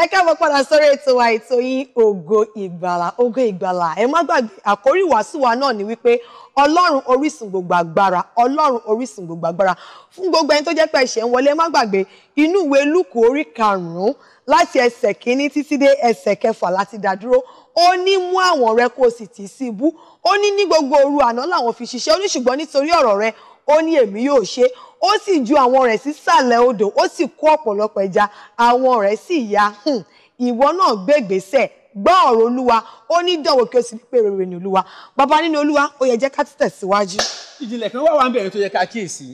ẹ káàbọ̀ padà sórí ètò wa ètò yín ògo ìgbàlà ògo ìgbàlà ẹ má gbàgbé àkórí ìwàásù náà ni wípé ọlọ́run orísun gbogbo agbára ọlọ́run orísun gbogbo agbára fún gbogbo ẹni tó jẹ́ pé ẹ̀ṣẹ̀ ń wọlé ẹ má gbàgbé inú ìwé lúkù orí karùn-ún láti ẹsẹ̀ kínní títí dé ẹsẹ̀ kẹfà láti dádúró ó ní mú àwọn rẹ kó o sì tì í sí ó ní ní gbogbo òru àná làwọn fi ṣiṣẹ́ ó ní ṣùgbọ́n nítorí ọ̀rọ̀ rẹ ó ní èmi yóò ṣe ó sì ju àwọn rẹ̀ sísàlẹ̀ odò ó sì kó ọ̀pọ̀lọpọ̀ ẹja àwọn rẹ̀ sì ya hmm, ìwọ náà gbégbèsè gbọ́ ọ̀rọ̀ olúwa ó ní dánwò kí o sì pé rere ní olúwa bàbá nínú olúwa ó yẹ jẹ́ ká tẹ̀síwájú. ìjìnlẹ̀ kan wà wá ń bẹ̀rẹ̀ tó yẹ ká kíyèsí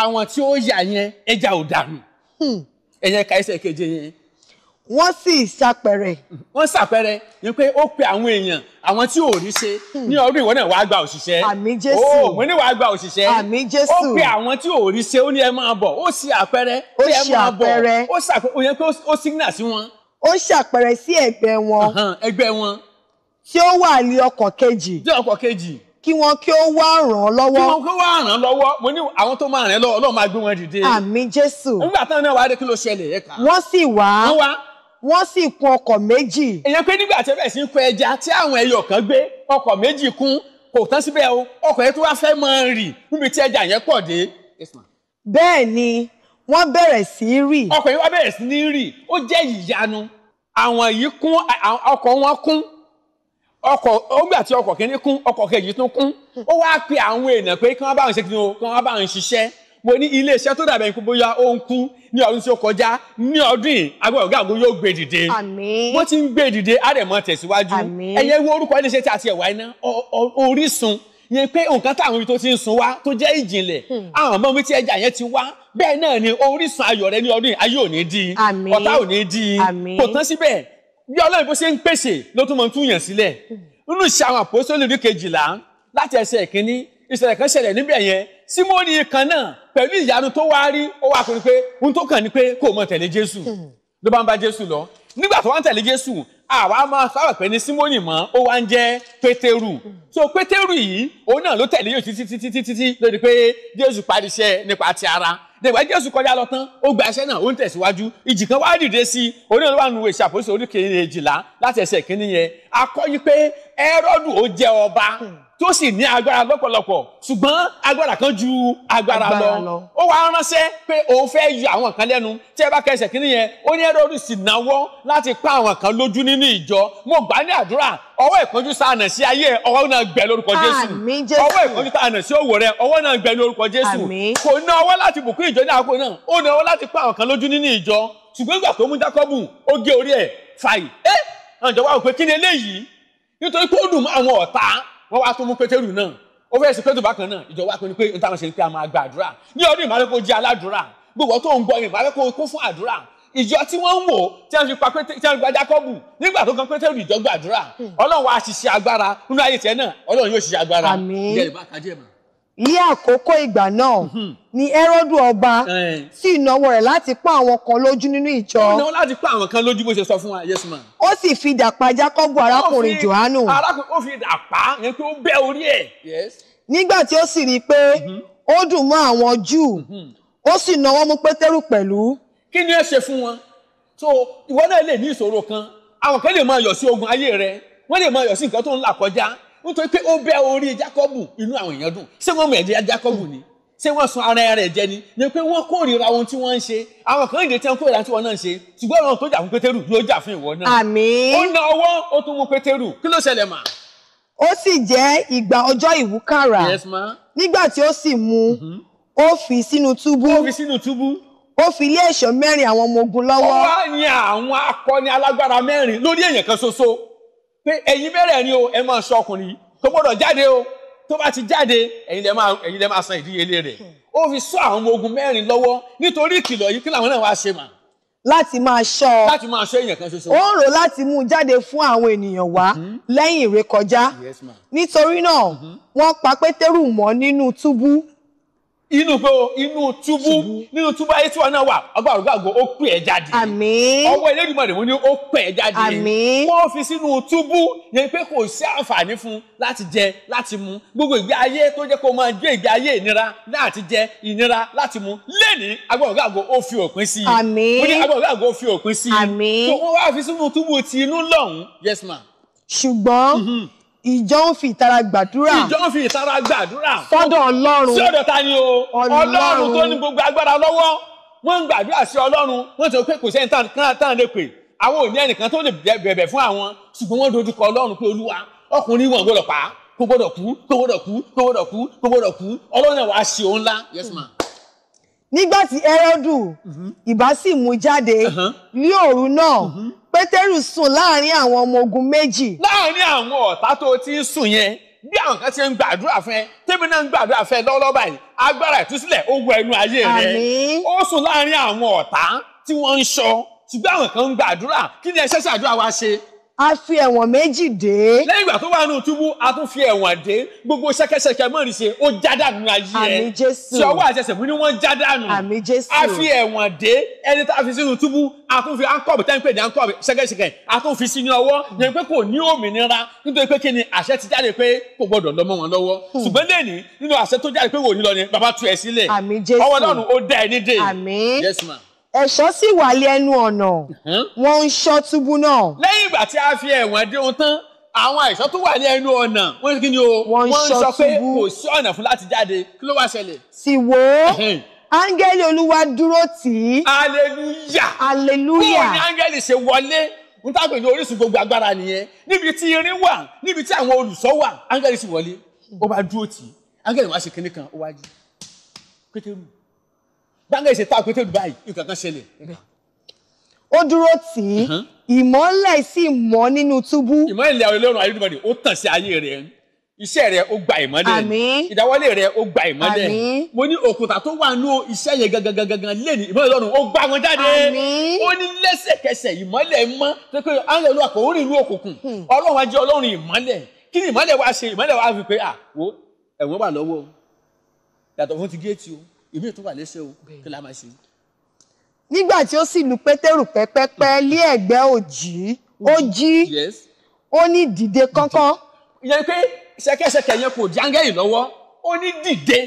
àwọn tí ó yà yẹn ẹja ò dànù hmm. ẹ̀yẹn ka ẹsẹ̀ yẹn wọ́n sì ṣàpẹrẹ. wọ́n ṣàpẹrẹ ni pé ó pe àwọn èèyàn àwọn tí ò rí ṣe hmm. ní ọdún ìwọ náà wàá gba òṣìṣẹ́. àmín jésù ó oh, mo ní wàá gba òṣìṣẹ́. àmín jésù ó pe àwọn tí ò rí ṣe ó ní ẹ máa bọ̀ ó sì àpẹrẹ. ó sì àpẹrẹ ó ṣàpẹrẹ ó yẹ pé ó sígínà sí wọn. ó ṣàpẹrẹ sí ẹgbẹ́ wọn. ẹgbẹ́ wọn. tí ó wà ní ọkọ̀ kejì. ní ọkọ̀ kejì. kí wọn kí ó wá ràn án lọ́wọ́. kí wọn kí ó wá ràn lọ́wọ́ mo ní àwọn tó máa wọ́n sì kún ọkọ̀ méjì. èèyàn pé nígbà tí ẹ bẹ̀rẹ̀ sí í kó ẹja tí àwọn ẹyọ kan gbé ọkọ̀ méjì kún kò tán síbẹ̀ o ọkọ̀ yẹn tó wá fẹ́ máa rì níbi tí ẹja yẹn pọ̀ dé. bẹ́ẹ̀ ni wọ́n bẹ̀rẹ̀ sí í rì. ọkọ̀ yẹn wá bẹ̀rẹ̀ sí ní rì ó jẹ́ ìyanu àwọn yìí kún ọkọ̀ wọn kún ọkọ̀ ọgbà tí ọkọ̀ kìíní kún ọkọ̀ kejì tún kún ó wá pe àwọn èèyàn pé kí wọ́n bá wọn ṣe kí wọ́n bá wọn ṣiṣẹ́ mo ní ilé iṣẹ́ tó dàbẹ̀ ikú bóyá ó ń kú ní ọdún tí ó kọjá ní ọdún yìí agbára ọ̀gá àgbo yóò gbé dìde àmín wọ́n ti ń gbé dìde àrẹ̀mọ tẹ̀síwájú àmín ẹ̀yẹ wo orúkọ ilé iṣẹ́ tí a ti ẹ̀wá iná Orísun yẹn pé nǹkan táwọn ibi tó ti ń sun wá tó jẹ́ ìjìnlẹ̀ àwọn ọmọ mi tí ẹja yẹn ti wá bẹ́ẹ̀ náà ni Orísun ayọ̀ rẹ ní ọdún yìí ayé ò ní dí àmín ọ̀tá ò ní dí kò tán síbẹ̀ bí Ọlọ́run bó ṣe ń pèsè ló tún mọ̀ ń túyàn sílẹ̀ hmm. nínú ìṣe àwọn àpòsílẹ̀ orí kejìlá láti ẹsẹ̀ ìkíní ìṣẹ̀lẹ̀ kan ṣẹlẹ̀ níbẹ̀ yẹn Símónì kan náà pẹ̀lú ìyanu tó wá rí ó wá kó ni pé ohun tó kàn ni pé kó o mọ̀ tẹ̀lé jésù hmm. ló bá ń bá jésù lọ nígbà tó wá ń tẹ̀lé jésù àwa máa sábà pé ní símónì mọ́ ó wá ń jẹ́ pétérù so pétérù yìí òun náà ló tẹ̀lé yóò títí títí títí lórí pé jésù parí iṣẹ́ nípa ti ara dẹ̀gbà jésù kọjá lọ tán ó gba iṣẹ́ náà ó ń tẹ̀síwájú ìjì kan wá dìde sí i òun náà ló wà nù ìṣàkóso orí kejìlá láti ẹsẹ̀ kínní yẹn akọ́yí pé ẹrọdù ó jẹ ọba hmm. tó sì ní agbára lọ́pọ̀lọpọ̀ ṣùgbọ́n agbára kan ju agbára lọ ó wàá ránṣẹ́ pé òun fẹ́ yọ àwọn kan lẹ́nu tí ẹ bá kẹsẹ̀ kí nìyẹn ó ní ẹrọdù sì náwó láti pa àwọn kan lójú nínú ìjọ mo gbà ní àdúrà ọwọ́ ìpọ́njú sànà sí ayé ọwọ́ náà gbẹ lórúkọ jésù ọwọ́ ìpọ́njú sànà sí òwò rẹ ọwọ́ náà gbẹ lórúkọ jésù kò ná ọwọ́ láti bùkún ìjọ ní àkókò náà ó ná ọwọ́ láti pa àwọn kan lójú nínú ìjọ ṣùgbọ́n ìgbà tó mú jákọ́bù ó gé orí ẹ̀ fàì ẹ́ àwọn ìjọba ò pé kí ni eléyìí nítorí pé ó dùn mọ́ àwọn ọ̀tá wọ́n wá tó mú pétérù náà ó fẹ́ sí pétérù bákan náà ìjọba pinnu pé níta ṣe pé a máa gba àdúrà ní ọdún ìmàlẹ́ kó jẹ́ aládùúrà gbogbo tó ń gbọ́ yìí ìmàlẹ́ kó kún fún àdúrà ìjọ tí wọ́n ń wò tí wọ́n fi pa pété tí wọ́n gba jákọ́bù nígbà tó kan pétérù ìjọ gbàdúrà hmm. ọlọ́run wa ṣiṣẹ́ agbára nínú ayé tiẹ̀ náà ọlọ́run yóò ṣiṣẹ́ agbára àmín ní àkókò ìgbà náà mhm. ni Hẹ́rọ́dù ọba eh. sì náwó rẹ̀ láti pa àwọn kan lójú nínú ìjọ. ó náwó láti pa àwọn kan lójú bó ṣe sọ fún wa yes ma. ó sì fi dàpá Jákọ́bù arákùnrin Jòhánù. ó fi dàpá yẹn pé ó bẹ́ orí ẹ̀. nígbà tí ó sì rí i pé mhm. ó dùn mọ́ àwọn Júù mhm. ó sì náwó mú Pétérù pẹ̀lú. kí ni ẹ ṣe fún wọn so ìwọ náà lè ní ìṣòro kan àwọn kan lè máa yọ̀ sí ogun ayé rẹ wọ́n lè máa yọ̀ sí nǹkan tó ń là kọjá nítorí pé ó bẹ orí Jákọ́bù inú àwọn èèyàn dùn ṣé wọ́n mọ ẹ̀jẹ̀ Jákọ́bù ni ṣé wọ́n sun ara rẹ̀ jẹ ni ni pé wọ́n kórìíra ohun tí wọ́n ń ṣe àwọn kan ìdè tí wọ́n kórìíra tí wọ́n náà ń ṣe ṣùgbọ́n àwọn tó jà fún Pétérù yóò jà fún ìwọ náà. àmín. ó na ọwọ́ ó tún mú Pétérù kí ló ṣẹlẹ̀ mà. ó sì jẹ́ ìgbà ọjọ́ ìwúkàrà nígbà tí ó sì mú mhm. ó fi sínú túbú ó fi sínú túbú ó fi ilé ẹ̀ṣọ́ mẹ́rin àwọn ọmọ ogun lọ́wọ́. ó wá ní àwọn akọni alágbára mẹ́rin lórí èèyàn kan ṣoṣo pé ẹ̀yin mẹ́rẹ̀ẹ̀rin o ẹ máa sọ ọkùnrin yìí tó gbọ́dọ̀ jáde o tó bá ti jáde ẹ̀yin lẹ máa ẹ̀yin lẹ máa san ìdíyelé rẹ̀ ó fi sọ àwọn ọmọ ogun mẹ́rin lọ́wọ́ nítorí ìkìlọ̀ yìí kí làwọn náà wá ṣe mà. láti máa ṣọ́ láti máa ṣọ́ èèyàn kan ṣoṣo. ó ń rò láti mú un jáde fún àwọn ènìyàn wá mhm. lẹ́yìn ìrékọjá nítorí náà mhm. wọ́n pa Pétérù mọ́ nínú túbú inú pé o inú túbú nínú túbú ayé tí wọn náà wà ọgbàrúgbàgbò ó pè ẹ jáde àmín ọwọ́ Elédùmarè mú ni ó pè ẹ jáde àmín wọn fi sínú túbú yẹn pé kò sí àǹfààní fún láti jẹ láti mu gbogbo ìgbé ayé tó jẹ́ kó máa gbé ìgbé ayé ìnira láti jẹ ìnira láti mu lẹ́ni agbàrúgbàgbò ó fi òpin sí i àmín ó ní agbàrúgbàgbò ó fi òpin sí i àmín tó wọn wá fi sínú túbú ti inú lọ́hùn-ún yes ma. ṣùgbọ́n mhm ìjọ ń fi ìtara gbàdúrà. ìjọ ń fi ìtara gbàdúrà. sọ́dọ̀ ọlọ́run. sọ́dọ̀ ta ni o. ọlọ́run tó ní gbogbo agbára lọ́wọ́ wọ́n ń gbàdúrà sí ọlọ́run wọ́n ti pé kò sẹ́ni táwọn lè pè àwọn ò ní ẹnìkan tó lè bẹ̀bẹ̀ fún àwọn ṣùgbọ́n wọ́n dojú kọ ọlọ́run pé olúwa ọkùnrin wọn gbọ́dọ̀ pa kó gbọ́dọ̀ kú kó gbọ́dọ̀ kú kó gbọ́dọ̀ kú kó gbọ́dọ̀ kú ọlọ́run náà wàá ṣe òun ńlá. yes ma. nígbà tí Hẹ́rọ́dù mhm. ìbá sì mú jáde uh-huh. ní òru náà mhm pétérù sùn láàrin àwọn ọmọ ogun méjì. láàrin àwọn ọ̀tá tó ti ń sùn yẹn bí àwọn kan ṣe ń gbàdúrà fún ẹ tèmi náà ń gbàdúrà fún ẹ lọ́wọ́lọ́wọ́ báyìí agbára ìtúsílẹ̀ ó wọ ẹnu ayé rẹ ó sùn láàrin àwọn ọ̀tá tí wọ́n ń ṣọ́ ṣùgbọ́n àwọn kan ń gbàdúrà kí ni ẹ ṣẹ̀ṣẹ̀ àdúrà wa ṣe a fi ẹ̀wọ̀n méjì dé. lẹ́yìn ìgbà tó wà nù túbú a tún fi ẹ̀wọ̀n dé gbogbo ṣẹ̀kẹ̀ṣẹ̀kẹ̀ mọ́rin ṣe ó já dànù ayé ẹ̀ àmì jésù tí ọwọ́ àṣẹṣẹ̀ mú ni wọ́n já dànù àmì jésù a fi ẹ̀wọ̀n dé ẹni tá a fi sínú túbú a tún fi ankọ́ọ̀bù tẹ́ ń pè ní ankọ́ọ̀bù ṣẹ̀kẹ̀ṣẹ̀kẹ̀ a tún fi sínú ọwọ́ yẹn pé kò ní òmìnira nítorí pé kí ni àṣẹ ti jáde pé kò gbọdọ̀ lọ mọ́ wọn lọ́wọ́ hmm. ṣùgbọ́n lẹ́ni nínú àṣẹ tó jáde pé wò ní lọ ni bàbá tu ẹ̀ sílẹ̀ ọwọ́ lọ́run ó dá ẹ ní dé. àmín yes ma ẹ̀ṣọ́ sì wà lé ẹnu ọ̀nà wọ́n ń ṣọ́ túbú náà. lẹ́yìn ìgbà tí a fi ẹ̀wọ̀n dé ohun tán àwọn ẹ̀ṣọ́ tó wà ní ẹnu ọ̀nà wọ́n kí ni o wọ́n ń sọ pé kò sí ọ̀nà fún láti jáde kí ló wá ṣẹlẹ̀. sì wò ó áńgẹ́lì olúwa dúró tì í. aleluya aleluya bó o ní áńgẹ́lì ṣe wọlé n ta ní orísun gbogbo agbára nìyẹn níbi tí irin wà níbi tí àwọn olùṣọ́ wà áńgẹ́lì sì wọlé ó bá dúró tì í áńgẹ́lì wá ṣe kinní kan ó wá jí gbáǹgà ìṣètò àpótí báyìí nǹkan kan ṣẹlẹ̀. ó dúró tì í uh-huh. ìmọ́lẹ̀ sì mọ́ nínú túbú. ìmọ́lẹ̀ Ọlọ́run ayélujára ó tàn sí ayé rẹ̀ iṣẹ́ rẹ̀ ó gba ìmọ́lẹ̀ ìdáwọ́lé rẹ̀ ó gba ìmọ́lẹ̀ mo ní òkúta tó wà nínú iṣẹ́ yẹn gangan gangan lẹ́nu ìmọ́lẹ̀ Ọlọ́run ó gbá wọn jáde ó ní lẹ́sẹ̀kẹsẹ̀ ìmọ́lẹ̀ mọ́ tó pé àwọn Ọlọ́run kò rí ìlú òkùnkùn hmm. Ọlọ́run á jẹ́ Ọlọ́run ìmọ́lẹ̀ kí ni ìmọ́lẹ̀ wa ṣe ìmọ́lẹ̀ wa fi pé à wo ẹ̀wọ̀n wà lọ́wọ́ yàtọ̀ fún ti géètì o ìmí tó wà léṣe o kí la máa ṣe. nígbà tí ó sì lu pétérù pẹ́pẹ́pẹ́ hmm. lé ẹ̀gbẹ́ òjì hmm. ó jí ó ní dìde kánkán. ìyẹn pé ṣẹ̀kẹ̀ṣẹ̀kẹ̀ yẹn kò jáńgẹ́ yìí lọ́wọ́ ó ní dìde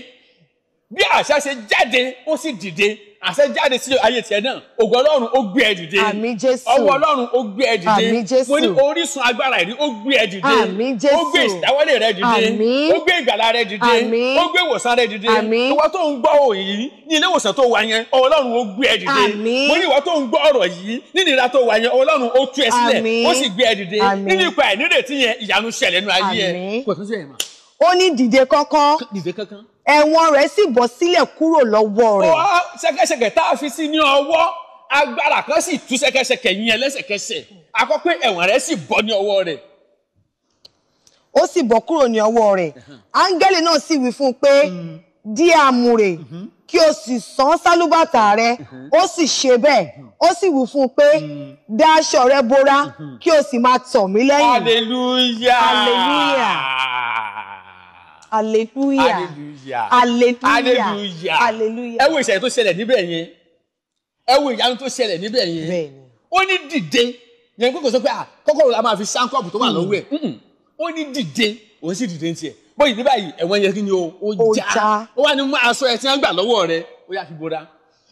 bí àṣà ṣe jáde ó sì dìde àṣẹ jáde sí ayé tiẹ̀ náà ògo Ọlọ́run ó gbé ẹ dìde àmín Jésù ọwọ́ Ọlọ́run ó gbé ẹ dìde àmín Jésù mo ní orísun agbára ìrí ó gbé ẹ dìde àmín Jésù ó gbé ìdáwọ́lé rẹ dìde àmín ó gbé ìgbàlá rẹ dìde àmín ó gbé ìwòsàn rẹ dìde àmín ìwọ tó ń gbọ́ òyìn yìí ní ilé ìwòsàn tó wà yẹn ọwọ́ Ọlọ́run ó gbé ẹ dìde àmín mo ní ìwọ tó ń gbọ́ ọ̀rọ̀ yìí nínú ìra tó wà yẹn ọwọ́ Ọlọ́run ó tú ẹ sílẹ̀ ó sì gbé ẹ dìde nínú ipa ẹ̀ nídètí yẹn ìyanu ṣẹlẹ̀ nínú ayé ẹ kò tún sí ẹ̀ mà. ó ẹ̀wọ̀n rẹ̀ sì bọ́ sílẹ̀ kúrò lọ́wọ́ rẹ̀. ọ ṣẹ̀kẹ̀ṣẹ̀kẹ̀ tá a fi sí ní ọwọ́ agbára kan sì tú ṣẹ̀kẹ̀ṣẹ̀kẹ̀ yẹn lẹ́sẹ̀kẹsẹ̀ àkọ́kọ́ ẹ̀wọ̀n rẹ̀ sì bọ́ ní ọwọ́ rẹ̀. ó sì bọ́ kúrò ní ọwọ́ rẹ̀ áńgẹ́lì náà sì wí fún un pé di àmùrè kí o sì sán sálúbàtà rẹ̀ ó sì ṣe bẹ́ẹ̀ ó sì wí fún un pé dá aṣọ rẹ̀ bora kí o sì máa tọ̀ mí lẹ́yìn. hallelujah hallelujah hallelujah hallelujah hallelujah ẹ wo ìṣẹ̀lẹ̀ tó ṣẹlẹ̀ níbẹ̀ yẹn ẹ wo ìyanu tó ṣẹlẹ̀ níbẹ̀ yẹn ó ní dìde yẹn pé kò sọ pé à ah, kọ́kọ́rọ́ la máa fi ṣáńkọ́ọ̀bù tó wà lọ́wọ́ ẹ̀ ó ní dìde òun sì dìde ní tiẹ̀ bóyá ní báyìí ẹ̀wọ̀n yẹn kí ni o ó já ó wà ní mú aṣọ ẹ̀ tí wọ́n gbà lọ́wọ́ rẹ̀ ó yà fi bora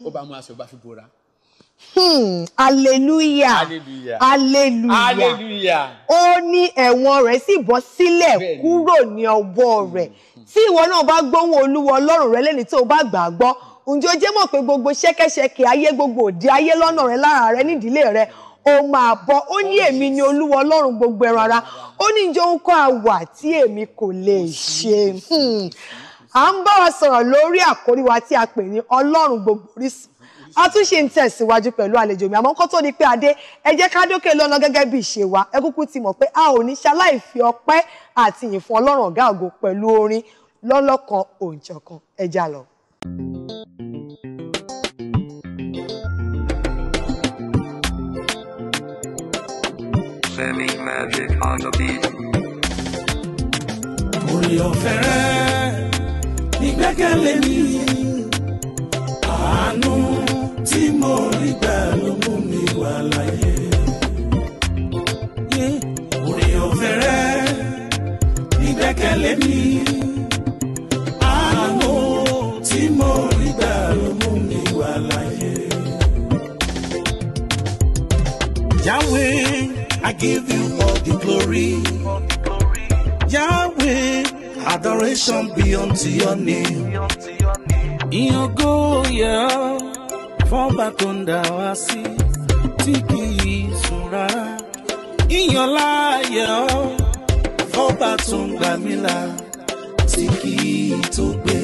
ó bá mú aṣọ ó bá fi bora Hmm, hallelujah. Hallelujah. Hallelujah. Hallelujah. Ó ní ẹ̀wọ̀n rẹ̀ sì bọ́ sílẹ̀ kúrò ní ọwọ́ hmm. rẹ̀. Tí ìwọ náà bá gbóhùn Olúwa Ọlọ́run rẹ lẹ́ni tó bá gbà gbọ́, ǹjẹ́ o jẹ́ mọ̀ pé gbogbo ṣẹ́kẹ́ṣẹkẹ̀ ayé gbogbo òde ayé lọ́nà rẹ lára rẹ nídìílé rẹ ó máa bọ́ ó ní oh, èmi ni Olúwa Ọlọ́run gbogbo ẹran ara ó ní ǹjẹ́ ohun kan àwà tí èmi kò lè oh, ṣe hmm. à ń bá wa sọ̀rọ̀ lórí àkórí wa tí a pè ní Ọlọ́run gbogbo orísun a tún ṣe ń tẹ̀síwájú pẹ̀lú àlejò mi àmọ́ kó tó di pé adé ẹ jẹ́ ká dókè lọ́nà gẹ́gẹ́ bí ìṣe wa ẹ kúkú ti mọ̀ pé a ò ní ṣaláì fi ọpẹ́ àti ìyìn ọlọ́run ọ̀gá ògo pẹ̀lú orin lọ́lọ́kan òǹjọ̀kan ẹ já lọ. Orí ọ̀fẹ́ rẹ̀ nígbẹ́kẹ̀lé mi mo rí gbà ló mú mi wà láyé. Orí ọ̀fẹ́ rẹ̀ Yahweh, I give you all the glory. Yahweh, adoration be unto your name. In Ìyàngó yẹn fọ́ba tó ń dà wá sí tí kì í sùn rárá ìyàn láàyè ọ́ fọ́ba tó ń gbà mí là tí kì í tó gbé.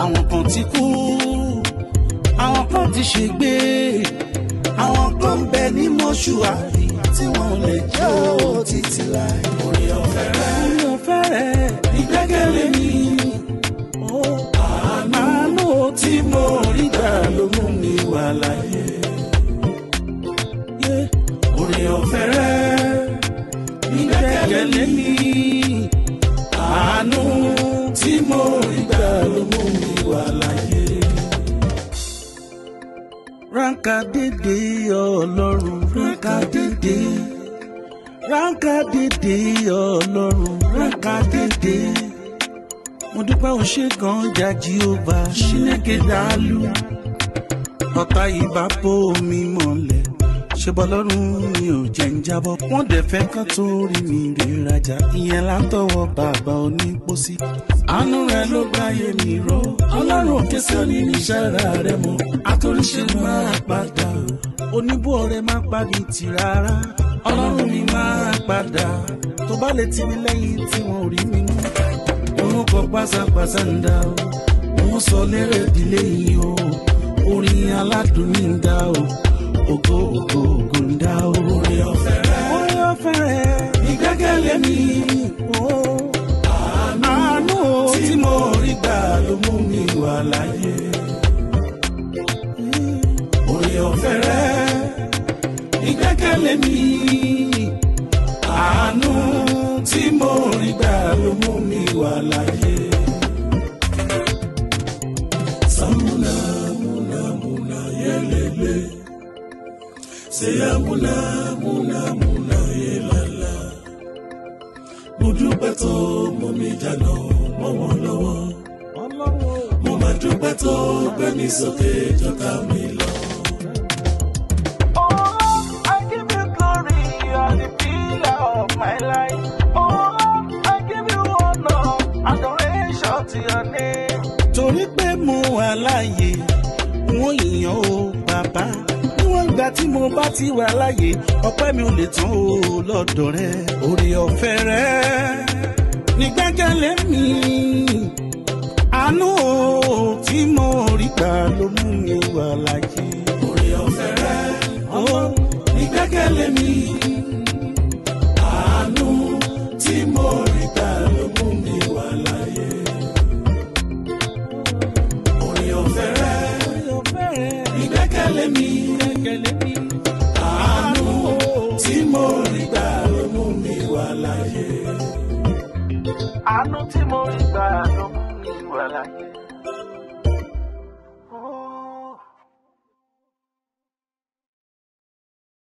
àwọn kan ti kú àwọn kan ti ṣègbé àwọn kan ń bẹ ní mọ́ṣúárì tí wọ́n lè jẹ́ òtítì láì. orí ọ̀fẹ́ rẹ̀ orí ọ̀fẹ́ rẹ̀. wà láyé. Orin ọ̀fẹ́ rẹ̀ ìgbẹ́kẹ̀lé mi. Àánú tí mo rí gbà ló mú mi wà láyé. Ránkà dédé ọlọ́run ránkà dédé. Ránkà dédé ọlọ́run ránkà dédé. Mo dúpẹ́ òṣègùn ọjà Jehova Chineke dàlú. Yeah ọ̀tá ibà bò mí mọ́lẹ̀ ṣebọ lọ́rùn mi ò jẹ́ ń jábọ́. wọ́n dẹ̀ fẹ́ kán torí mi rè rajà ìyẹn látọwọ́ bàbá onípòsí. àánú rẹ ló gbáyé mi rọ ọlọ́run òkè sí oníníṣẹ́ ra rẹ mọ́ àtúnṣe máa padà oníbó ọ̀rẹ́ máa pàbí ti rárá ọlọ́run mi máa padà tó bá lè ti ní lẹ́yìn tí wọ́n rí mi mú. òun kọ pásápásá ń dá o òun sọ lérè ìdílé yìí o orin aládùn ní ń dá o ògo ògo ògo ń dá o. orin ọ̀fẹ́ rẹ̀ orin ọ̀fẹ́ rẹ̀ ìgbẹ́kẹ̀lé mi àánú tí mo rí gbà ló mú mi wà láyé. orin ọ̀fẹ́ rẹ̀ ìgbẹ́kẹ̀lé mi àánú tí mo rí gbà ló mú mi wà láyé. seyamuna muna muna yelala mo dúpẹ́ tó mú mi jàná mo máa dúpẹ́ tó gbé mi sókè mi lọ. Oh, my life. Oh, I give you honor, adoration to your name. Torí pé mo wà láàyè, wọ́n yìnyín o, bàbá ìgbà tí mo bá ti wà láyé ọpẹ́ mi ò lè tán o lọ́dọ̀ rẹ oore ọ̀fẹ́ rẹ ní gbẹ́kẹ̀lé mi àánú o tí mo rí gbà ló mú mi wà láyé oore ọ̀fẹ́ rẹ ní gbẹ́kẹ̀lé mi.